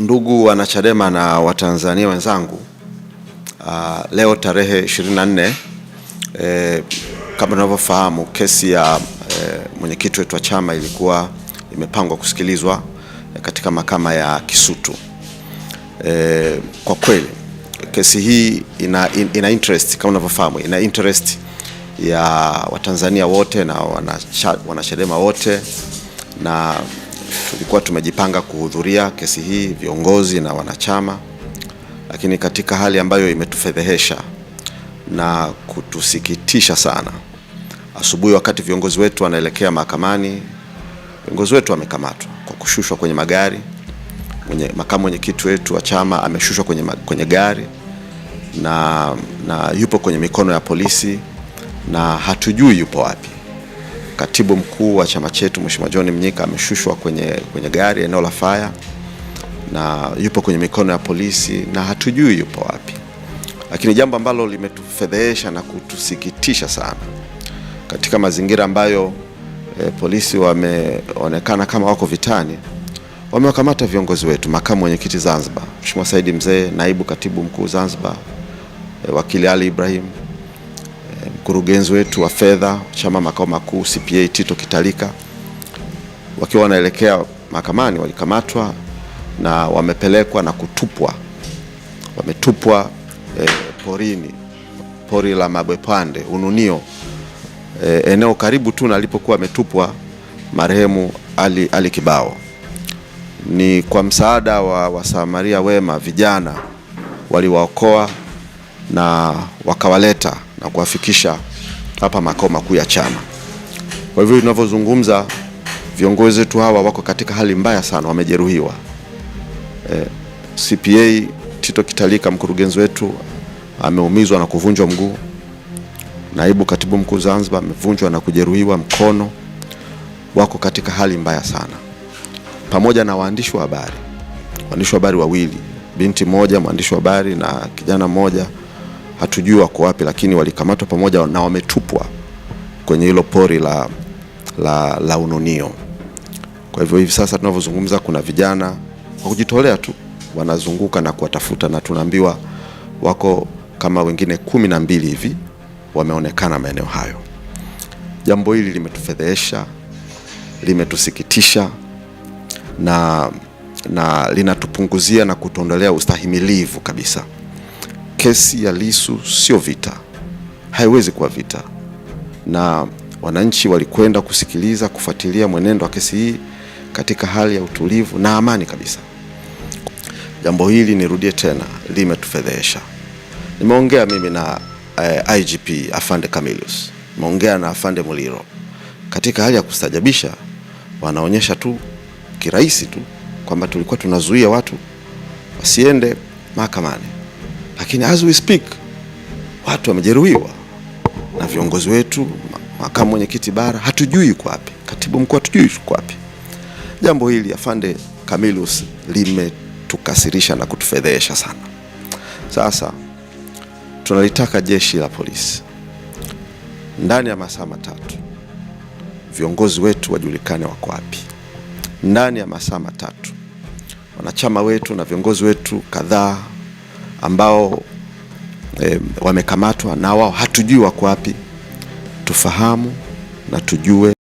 Ndugu wanachadema na watanzania wenzangu, uh, leo tarehe 24 eh, kama tunavyofahamu kesi ya eh, mwenyekiti wetu wa chama ilikuwa imepangwa kusikilizwa eh, katika mahakama ya Kisutu. Eh, kwa kweli kesi hii ina, ina interest kama unavyofahamu ina interest ya watanzania wote na wanachadema wote na tulikuwa tumejipanga kuhudhuria kesi hii, viongozi na wanachama, lakini katika hali ambayo imetufedhehesha na kutusikitisha sana, asubuhi wakati viongozi wetu wanaelekea mahakamani, viongozi wetu wamekamatwa kwa kushushwa kwenye magari. Mwenye, makamu mwenyekiti wetu wa chama ameshushwa kwenye, kwenye gari na, na yupo kwenye mikono ya polisi na hatujui yupo wapi katibu mkuu wa chama chetu Mheshimiwa John Mnyika ameshushwa kwenye, kwenye gari eneo la faya na yupo kwenye mikono ya polisi na hatujui yupo wapi, lakini jambo ambalo limetufedhehesha na kutusikitisha sana katika mazingira ambayo e, polisi wameonekana kama wako vitani, wamewakamata viongozi wetu, makamu mwenyekiti Zanzibar Mheshimiwa Saidi Mzee, naibu katibu mkuu Zanzibar, e, wakili Ali Ibrahim mkurugenzi wetu wa fedha chama makao makuu CPA Tito Kitalika, wakiwa wanaelekea mahakamani walikamatwa na wamepelekwa na kutupwa, wametupwa e, porini, pori la Mabwepande Ununio, e, eneo karibu tu nalipokuwa ametupwa marehemu Ali, Ali Kibao. Ni kwa msaada wa wasamaria wema vijana waliwaokoa na wakawaleta na kuwafikisha hapa makao makuu ya chama. Kwa hivyo tunavyozungumza, viongozi wetu hawa wako katika hali mbaya sana, wamejeruhiwa. E, CPA Tito Kitalika mkurugenzi wetu ameumizwa na kuvunjwa mguu. Naibu katibu mkuu Zanzibar amevunjwa na kujeruhiwa mkono. Wako katika hali mbaya sana, pamoja na waandishi wa habari, waandishi wa habari wawili, binti moja mwandishi wa habari na kijana mmoja hatujui wako wapi, lakini walikamatwa pamoja na wametupwa kwenye hilo pori la, la, la Ununio. Kwa hivyo hivi sasa tunavyozungumza, kuna vijana kwa kujitolea tu wanazunguka na kuwatafuta na tunaambiwa wako kama wengine kumi na mbili hivi wameonekana maeneo hayo. Jambo hili limetufedhehesha, limetusikitisha na, na linatupunguzia na kutuondolea ustahimilivu kabisa kesi ya Lissu sio vita, haiwezi kuwa vita, na wananchi walikwenda kusikiliza, kufuatilia mwenendo wa kesi hii katika hali ya utulivu na amani kabisa. Jambo hili nirudie tena, limetufedhehesha. Nimeongea mimi na eh, IGP Afande Camillus, nimeongea na Afande Muliro katika hali ya kustajabisha, wanaonyesha tu kirahisi tu kwamba tulikuwa tunazuia watu wasiende mahakamani. Lakini as we speak watu wamejeruhiwa na viongozi wetu, makamu mwenyekiti bara hatujui yuko wapi, katibu mkuu hatujui yuko wapi. Jambo hili afande Camillus limetukasirisha na kutufedhesha sana. Sasa tunalitaka jeshi la polisi ndani ya masaa matatu viongozi wetu wajulikane wako wapi. Ndani ya masaa matatu wanachama wetu na viongozi wetu kadhaa ambao e, wamekamatwa na wao hatujui wako wapi, tufahamu na tujue.